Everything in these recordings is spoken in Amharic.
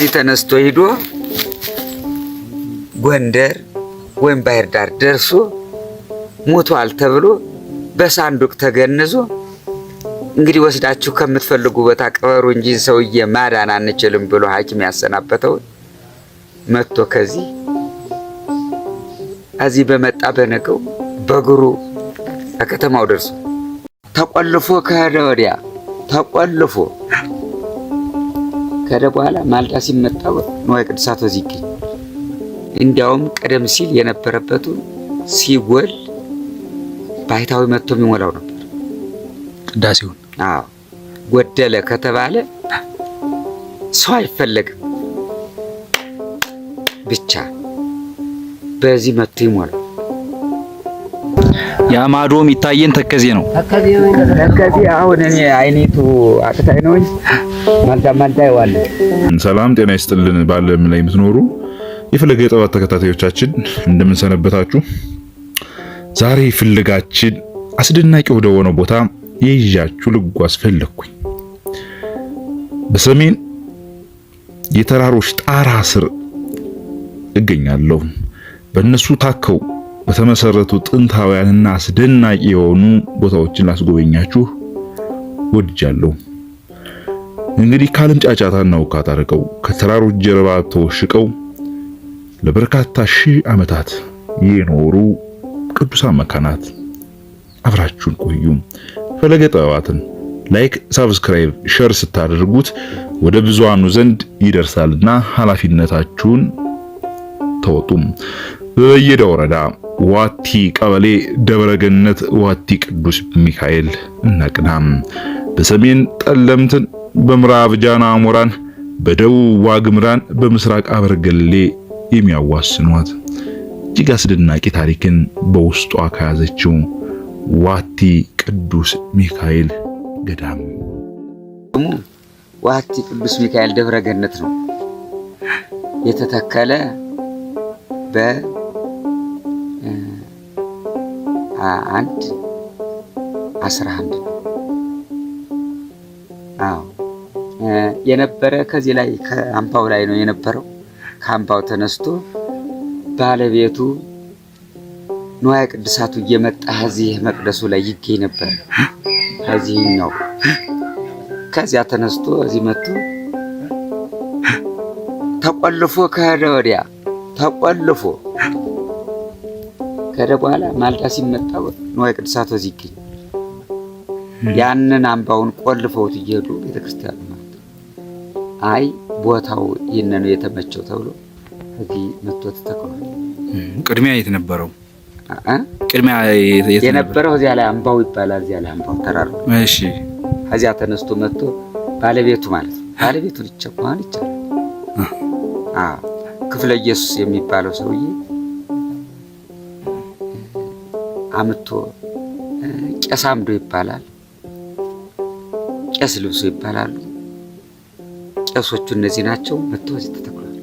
ከዚህ ተነስቶ ሂዶ ጎንደር ወይም ባህር ዳር ደርሶ ሞቷል ተብሎ በሳንዱቅ ተገንዞ እንግዲህ ወስዳችሁ ከምትፈልጉ ቦታ ቅበሩ እንጂ ሰውዬ ማዳን አንችልም ብሎ ሐኪም ያሰናበተውን መጥቶ ከዚህ እዚህ በመጣ በነገው በእግሩ ከከተማው ደርሶ ተቆልፎ ከሄደ ወዲያ ተቆልፎ ከሄደ በኋላ ማልዳ ሲመጣ ንዋየ ቅድሳት እዚህ ይገኝ። እንዲያውም ቀደም ሲል የነበረበቱ ሲጎል ባይታዊ መጥቶ የሚሞላው ነበር ቅዳሴውን። አዎ ጎደለ ከተባለ ሰው አይፈለግም ብቻ በዚህ መጥቶ ይሞላል። የማዶ የሚታየን ተከዜ ነው። ተከዜ አሁን እኔ አይኔቱ አቅታይ ነው እንጂ ማንታ ማንታ ይዋል። ሰላም ጤና ይስጥልን። ባለም ላይ የምትኖሩ የፈለገ ጥበባት ተከታታዮቻችን እንደምንሰነበታችሁ። ዛሬ ፍለጋችን አስደናቂ ወደ ሆነው ቦታ ይዣችሁ ልጓዝ ፈለግኩኝ። በሰሜን የተራሮች ጣራ ስር እገኛለሁ። በእነሱ ታከው በተመሰረቱ ጥንታውያንና አስደናቂ የሆኑ ቦታዎችን ላስጎበኛችሁ ወድጃለሁ። እንግዲህ ከዓለም ጫጫታና ውካታ ርቀው ከተራሮች ጀርባ ተወሽቀው ለበርካታ ሺህ ዓመታት የኖሩ ቅዱሳን መካናት አብራችሁን ቆዩ። ፈለገ ጥበባትን ላይክ፣ ሳብስክራይብ፣ ሸር ስታደርጉት ወደ ብዙሃኑ ዘንድ ይደርሳልና ኃላፊነታችሁን ተወጡም። በየዳ ወረዳ ዋቲ ቀበሌ ደብረገነት ዋቲ ቅዱስ ሚካኤል እናቅናም። በሰሜን ጠለምትን፣ በምዕራብ ጃና አሞራን፣ በደቡብ ዋግምራን፣ በምስራቅ አበርገሌ የሚያዋስኗት እጅግ አስደናቂ ታሪክን በውስጧ ከያዘችው ዋቲ ቅዱስ ሚካኤል ገዳም ዋቲ ቅዱስ ሚካኤል ደብረገነት ነው የተተከለ በ 21 11 ነው። አዎ የነበረ ከዚህ ላይ ከአምባው ላይ ነው የነበረው። ከአምባው ተነስቶ ባለቤቱ ንዋየ ቅድሳቱ እየመጣ እዚህ መቅደሱ ላይ ይገኝ ነበር። ከዚህኛው ከዚያ ተነስቶ እዚህ መጥቶ ተቆልፎ ከሄደ ወዲያ ተቆልፎ ከተካሄደ በኋላ ማልዳ ሲመጣ ንዋየ ቅድሳት በዚህ ይገኛል። ያንን አምባውን ቆልፈውት እየሄዱ ቤተክርስቲያኑ ማለት አይ ቦታው ይህን ነው የተመቸው ተብሎ እዚህ መጥቶ ተተክሏል። ቅድሚያ የት ነበረው? ቅድሚያ የነበረው እዚያ ላይ አምባው ይባላል። እዚያ ላይ አምባው ተራሩ። እሺ፣ ከዚያ ተነስቶ መጥቶ ባለቤቱ ማለት ነው ባለቤቱን ይቸኳን ይቻላል። አዎ ክፍለ ኢየሱስ የሚባለው ሰውዬ አምቶ ቄስ አምዶ ይባላል፣ ቄስ ልብሶ ይባላሉ። ቄሶቹ እነዚህ ናቸው። መጥተው እዚህ ተተክሏል።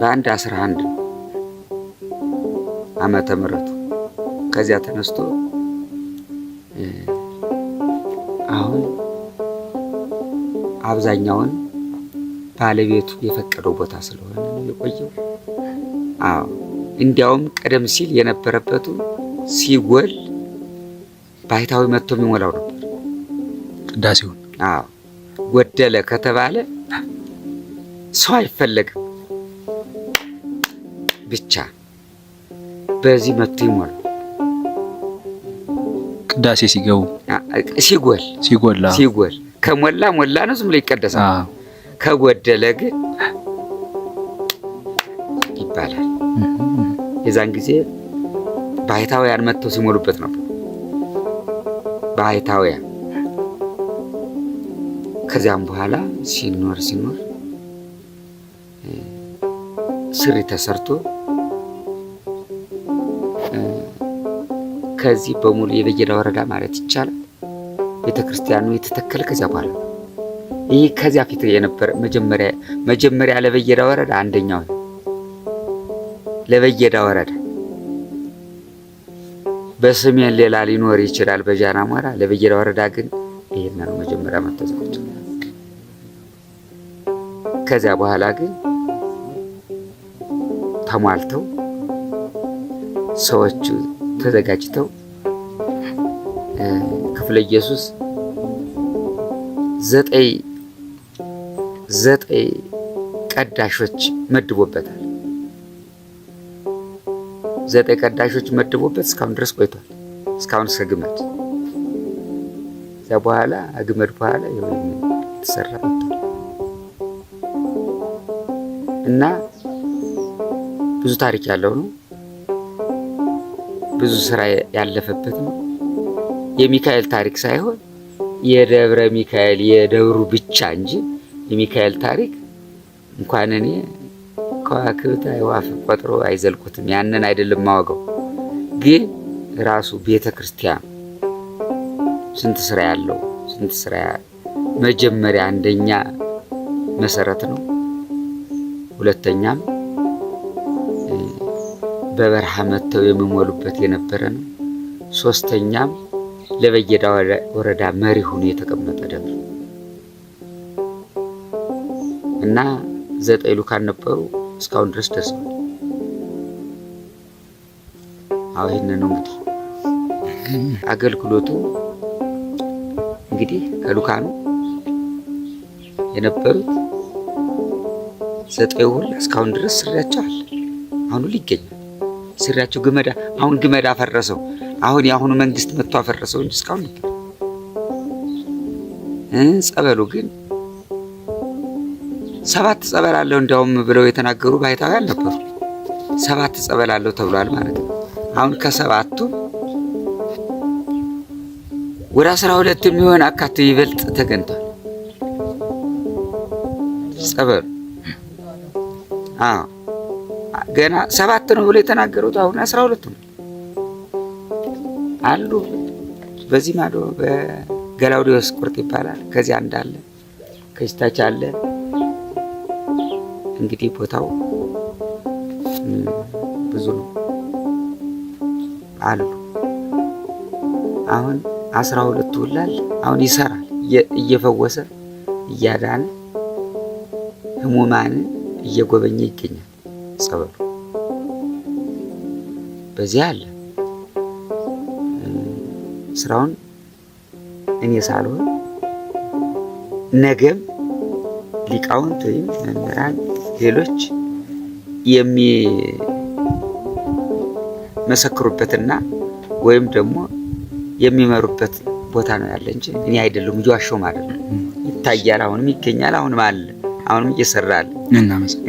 በአንድ አስራ አንድ ዓመተ ምሕረቱ ከዚያ ተነስቶ አሁን አብዛኛውን ባለቤቱ የፈቀደው ቦታ ስለሆነ የቆየው አዎ እንዲያውም ቀደም ሲል የነበረበቱ ሲጎል ባይታዊ መጥቶ የሚሞላው ነበር ቅዳሴውን። አዎ ጎደለ ከተባለ ሰው አይፈለግም፣ ብቻ በዚህ መጥቶ ይሞላል። ቅዳሴ ሲገቡ ሲጎል ሲጎል ሲጎል ከሞላ ሞላ ነው፣ ዝም ብሎ ይቀደሳል። ከጎደለ ግን የዛን ጊዜ ባህታውያን መጥተው ሲሞሉበት ነበር። ባህታውያን ከዚያም በኋላ ሲኖር ሲኖር ስሪ ተሰርቶ ከዚህ በሙሉ የበየዳ ወረዳ ማለት ይቻላል ቤተ ክርስቲያኑ የተተከለ ከዚያ በኋላ ይህ ከዚያ ፊት የነበረ መጀመሪያ መጀመሪያ ለበየዳ ወረዳ አንደኛው ለበየዳ ወረዳ በስሜን ሌላ ሊኖር ይችላል፣ በጃና አሞራ ለበየዳ ወረዳ ግን ይሄን ነው መጀመሪያ መተዛቸው። ከዚያ በኋላ ግን ተሟልተው ሰዎቹ ተዘጋጅተው ክፍለ ኢየሱስ ዘጠኝ ዘጠኝ ቀዳሾች መድቦበታል። ዘጠኝ ቀዳሾች መድቦበት እስካሁን ድረስ ቆይቷል። እስካሁን እስከ ግመድ እዚያ በኋላ ግመድ በኋላ የተሰራ እና ብዙ ታሪክ ያለው ነው። ብዙ ስራ ያለፈበት ነው። የሚካኤል ታሪክ ሳይሆን የደብረ ሚካኤል የደብሩ ብቻ እንጂ የሚካኤል ታሪክ እንኳን እኔ ከዋክብት አይዋፍ ቆጥሮ አይዘልቁትም። ያንን አይደለም ማወገው ግን ራሱ ቤተ ክርስቲያን ስንት ስራ ያለው ስንት ስራ መጀመሪያ አንደኛ መሰረት ነው። ሁለተኛም በበረሃ መጥተው የሚሞሉበት የነበረ ነው። ሶስተኛም ለበየዳ ወረዳ መሪ ሆኖ የተቀመጠ ደብር እና ዘጠኝ ሉካን ነበሩ። እስካሁን ድረስ ደርሰዋል። አዎ ይህን ነው እንግዲህ አገልግሎቱ እንግዲህ ከሉካኑ የነበሩት ዘጠኝ ሁላ እስካሁን ድረስ ስሪያቸው አለ። አሁን ሁሉ ይገኛል ስሪያቸው። ግመዳ አሁን ግመዳ አፈረሰው። አሁን የአሁኑ መንግስት መጥቶ አፈረሰው እንጂ እስካሁን ነበር ጸበሉ ግን ሰባት ጸበል አለው እንዲያውም ብለው የተናገሩ ባሕታውያን ነበሩ። ሰባት ጸበል አለው ተብሏል ማለት ነው። አሁን ከሰባቱ ወደ አስራ ሁለት የሚሆን አካት ይበልጥ ተገንቷል ጸበሉ። ገና ሰባት ነው ብሎ የተናገሩት አሁን አስራ ሁለት ነው አሉ። በዚህ ማዶ በገላውዲዮስ ቁርጥ ይባላል። አለ ከዚህ ታች አለ እንግዲህ ቦታው ብዙ ነው አሉ። አሁን አስራ ሁለት ውላል አሁን ይሰራል እየፈወሰ እያዳነ ህሙማንን እየጎበኘ ይገኛል። ጸበሉ በዚህ አለ። ስራውን እኔ ሳልሆን ነገም ሊቃውንት ወይም መምህራን ሌሎች የሚመሰክሩበትና ወይም ደግሞ የሚመሩበት ቦታ ነው ያለ እንጂ እኔ አይደለም እየዋሸሁ ማለት ነው። ይታያል፣ አሁንም ይገኛል፣ አሁንም አለ፣ አሁንም እየሰራል።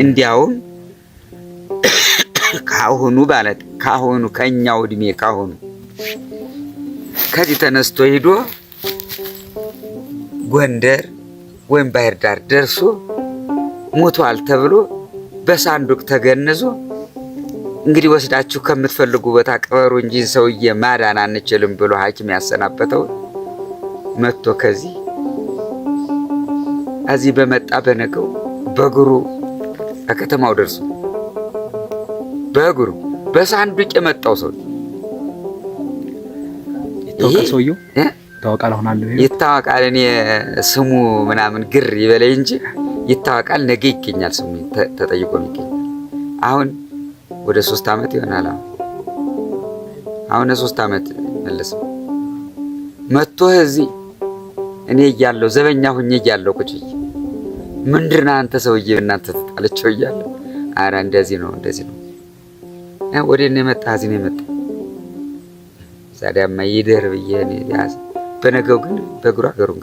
እንዲያውም ካሁኑ ማለት ካሁኑ ከእኛው እድሜ ካሁኑ ከዚህ ተነስቶ ሂዶ ጎንደር ወይም ባህር ዳር ደርሶ ሙቷል ተብሎ በሳንዱቅ ተገንዞ እንግዲህ ወስዳችሁ ከምትፈልጉ ቦታ ቅበሩ እንጂ ሰውዬ ማዳን አንችልም ብሎ ሐኪም ያሰናበተው መጥቶ ከዚህ እዚህ በመጣ በነገው በእግሩ ከከተማው ደርሶ በእግሩ በሳንዱቅ የመጣው ሰው ይታወቃል። ይታወቃል። እኔ ስሙ ምናምን ግር ይበለኝ እንጂ ይታወቃል። ነገ ይገኛል ስሙ ተጠይቆ የሚገኝ አሁን ወደ ሶስት ዓመት ይሆናል። አሁን አሁን ሶስት ዓመት መለስም መጥቶ እዚህ እኔ እያለሁ ዘበኛ ሁኜ እያለሁ ቁጭ ምንድር አንተ ሰውዬ እናንተ ተጣለቸው እያለሁ ኧረ እንደዚህ ነው እንደዚህ ነው ወደ እኔ መጣህ እዚህ ነው የመጣህ ዛዲያማ ይደር ብዬ በነገው ግን በእግሩ አገሩን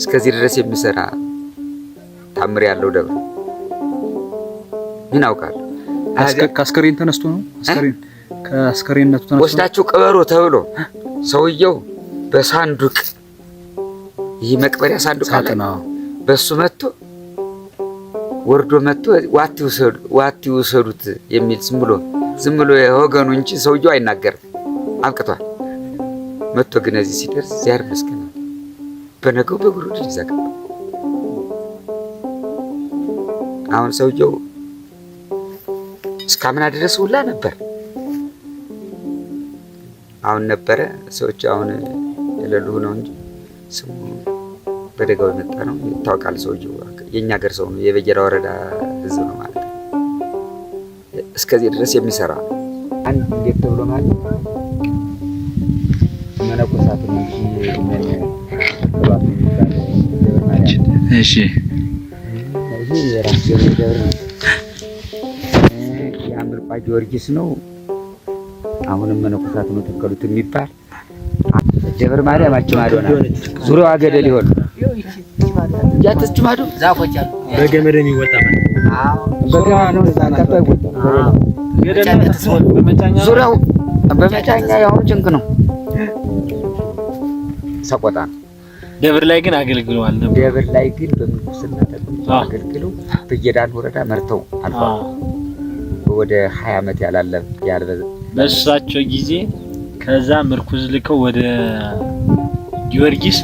እስከዚህ ድረስ የሚሰራ ታምር ያለው ደብር ምን አውቃለሁ። ከአስከሬን ተነስቶ ነው ከአስከሬንነቱ ተነስቶ ወስዳችሁ ቅበሮ ተብሎ ሰውየው በሳንዱቅ ይህ መቅበሪያ ሳንዱቅ አለ፣ በሱ መጥቶ ወርዶ መጥቶ ዋት ይውሰዱት የሚል ዝም ብሎ ዝም ብሎ የወገኑ እንጂ ሰውየው አይናገርም። አብቅቷል። መጥቶ ግን እዚህ ሲደርስ እግዚአብሔር ይመስገን በነገው በእግሩ ይዘጋ። አሁን ሰውየው እስካምና ድረስ ሁላ ነበር። አሁን ነበረ ሰዎች አሁን የሌሉ ነው እንጂ ስሙ በደጋው የመጣ ነው ይታወቃል። ሰውየው የእኛ ሀገር ሰው ነው፣ የበጀራ ወረዳ ህዝብ ነው ማለት ነው። እስከዚህ ድረስ የሚሰራ አንድ እንዴት ተብሎ ማለት መነኮሳትን እንጂ እሺ የራስ ነው። ጊዮርጊስ ነው። አሁንም መነኮሳት ነው ተከሉት የሚባል ደብረ ማዶ ዙሪያዋ ገደል ይሆን ያተች ማዶ ዛፎች አሉ። በገመድ የሚወጣ ዙሪያው በመጫኛ ጭንቅ ነው ሰቆጣ ነው። ደብር ላይ ግን አገልግለዋል ነበር። ደብር ላይ ግን በምንኩስና አገልግሎ በየዳን ወረዳ መርተው አልፈዋል። ወደ 20 ዓመት ያላለ ያልበዛ በእሳቸው ጊዜ ከዛ ምርኩዝ ልከው ወደ ጊዮርጊስ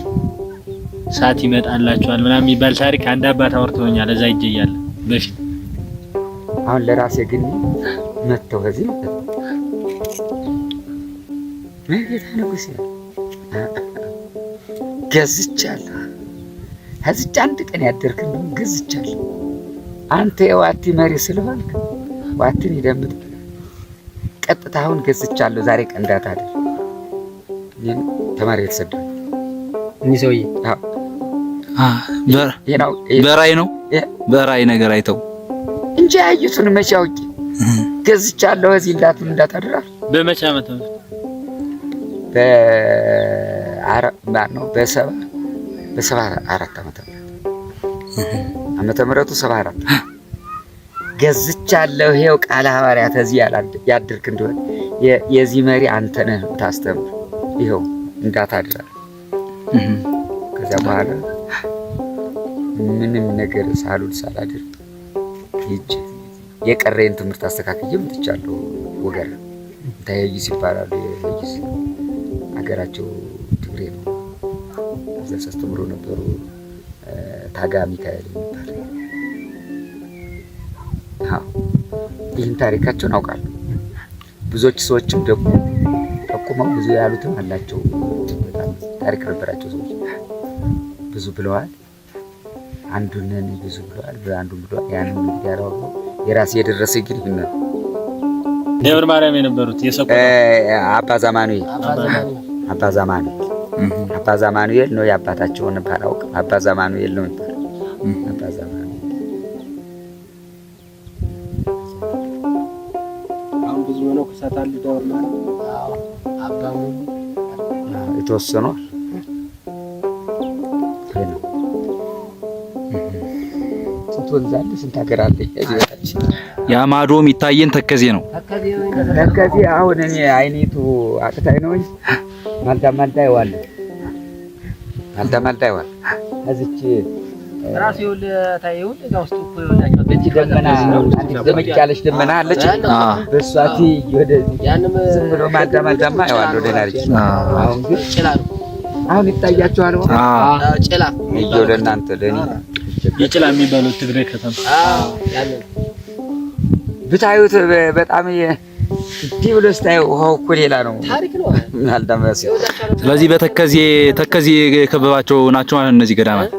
ሰዓት ይመጣላቸዋል ምናምን የሚባል ታሪክ አንድ አባት አውርተውኛል። እዛ ይጀያል በፊት አሁን ለራሴ ግን መጥተው ከዚህ ምን ጌታ ንጉስ ገዝቻለሁ። ከዚች አንድ ቀን ያደርክን ገዝቻለሁ። አንተ የዋቲ መሪ ስለሆንክ ዋቲን ይደምጥ ቀጥታ አሁን ገዝቻለሁ። ዛሬ ቀንዳት አይደል? ይሄን ተማሪ የተሰደደ እኚህ ሰውዬ በራይ ነው በራይ ነገር አይተው እንጂ ያዩትን መቼ አውቄ ገዝቻለሁ። እዚህ እንዳትም እንዳታደራል በመቼ ዓመት ነው በ ነው በሰባ በሰባ አራት ዓመተ ምህረት ዓመተ ምህረቱ ሰባ አራት ገዝቻለሁ። ቃለ ሐዋርያ ተዚህ ያድርክ እንደሆነ የዚህ መሪ አንተ ነህ ታስተምር ይኸው እንዳታድራ። ከዚያ በኋላ ምንም ነገር ሳሉል ሳላድር የቀረይን ትምህርት አስተካክዬ ምትቻለሁ። ወገር ይባላሉ። መለስ አስተምሮ ነበሩ። ታጋ ሚካኤል የሚባል ይህን ታሪካቸውን አውቃሉ። ብዙዎች ሰዎችም ደግሞ ጠቁመው ብዙ ያሉትም አላቸው። ታሪክ ነበራቸው ሰዎች ብዙ ብለዋል። አንዱንን ብዙ ብለዋል፣ አንዱን ብለዋል። ያንን እንግዲህ ያለው የራሴ የደረሰ እንግዲህ ብና ደብረ ማርያም የነበሩት አባ ዘማኑ አባ ዘማኑ አባ ዛማኑኤል ነው። የአባታቸውን ባላውቅም አባ ዛማኑኤል ነው ይባላል። አባ ዛማኑኤል የተወሰኑ ስንት ሀገር አለ? የአማዶ የሚታየን ተከዜ ነው። ተከዜ አሁን እኔ አይኔቱ አቅታይ ነው እንጂ ማልዳ ማልዳ ይዋለ ማልዳ ማልዳ ይሆን እዚች ራሱ ደመና ደመቅ ያለች ደመና አለች። በእሷቲ ዝም ብሎ ማልዳ ማልዳማ ይዋለሁ ደህና ልጅ። አሁን ግን አሁን ይታያችኋል እየው ለእናንተ ለእኔ የጭላ የሚባሉት ትግሬ ከተማ ብታዩት በጣም እንዲህ ብሎ ስታየው ውሃው እኮ ሌላ ነው። ስለዚህ በተከዜ ተከዜ የከበባቸው ናቸው ማለት እነዚህ ገዳማት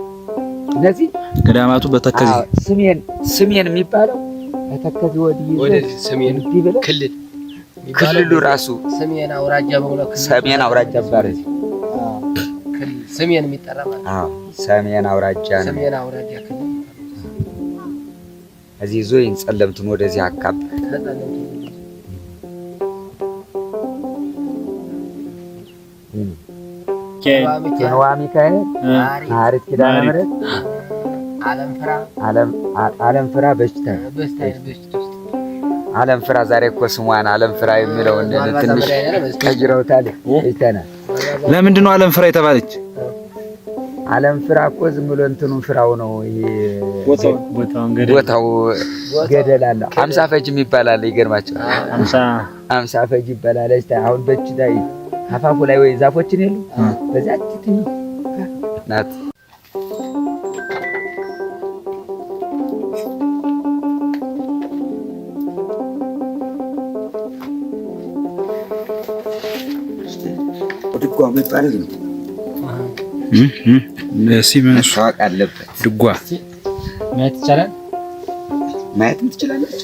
እነዚህ ገዳማቱ በተከዜ ስሜን ስሜን የሚባለው በተከዜ ወዲህ ክልል ክልሉ ራሱ ሰሜን አውራጃ ሰሜን አውራጃ ባረ ሰሜን የሚጠራ ማለት ሰሜን አውራጃ ነው። ሰሜን አውራጃ ክልል እዚህ ዞይን ጸለምቱን ወደዚህ አካብ ሚካኤል፣ ማሪት ኪዳነ ምሕረት፣ አለም ፍራ በሽታ ፍራ ዛሬ እኮ ስሟን አለም ፍራ የሚለውን ትንሽ ቀይረውታል። ለምንድን ነው አለም ፍራ የተባለች? አለም ፍራ እኮ ዝም ብሎ እንትኑ ፍራው ነው። ይሄ ቦታው ገደል አለ። አምሳ ፈጅም ይባላል። ይገርማቸዋል። አምሳ ፈጅ ይባላል። አሁን በሽታ አፋፉ ላይ ወይ ዛፎችን የሉ በዚያ ትትኝ ናት። ድጓ መጣል ነው አለበት። ድጓ ማየት ይቻላል፣ ማየትም ትችላለች።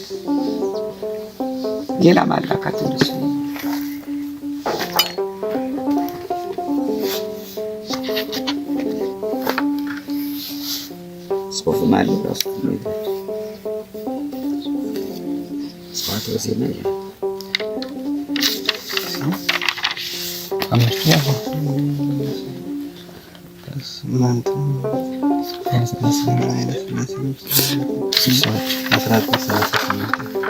ሌላ ማላካት confirmar na próxima comunidade. As quatro e meia. Vamos que Mantenha essa semana, essa semana. Sim, só. Na frase, essa semana.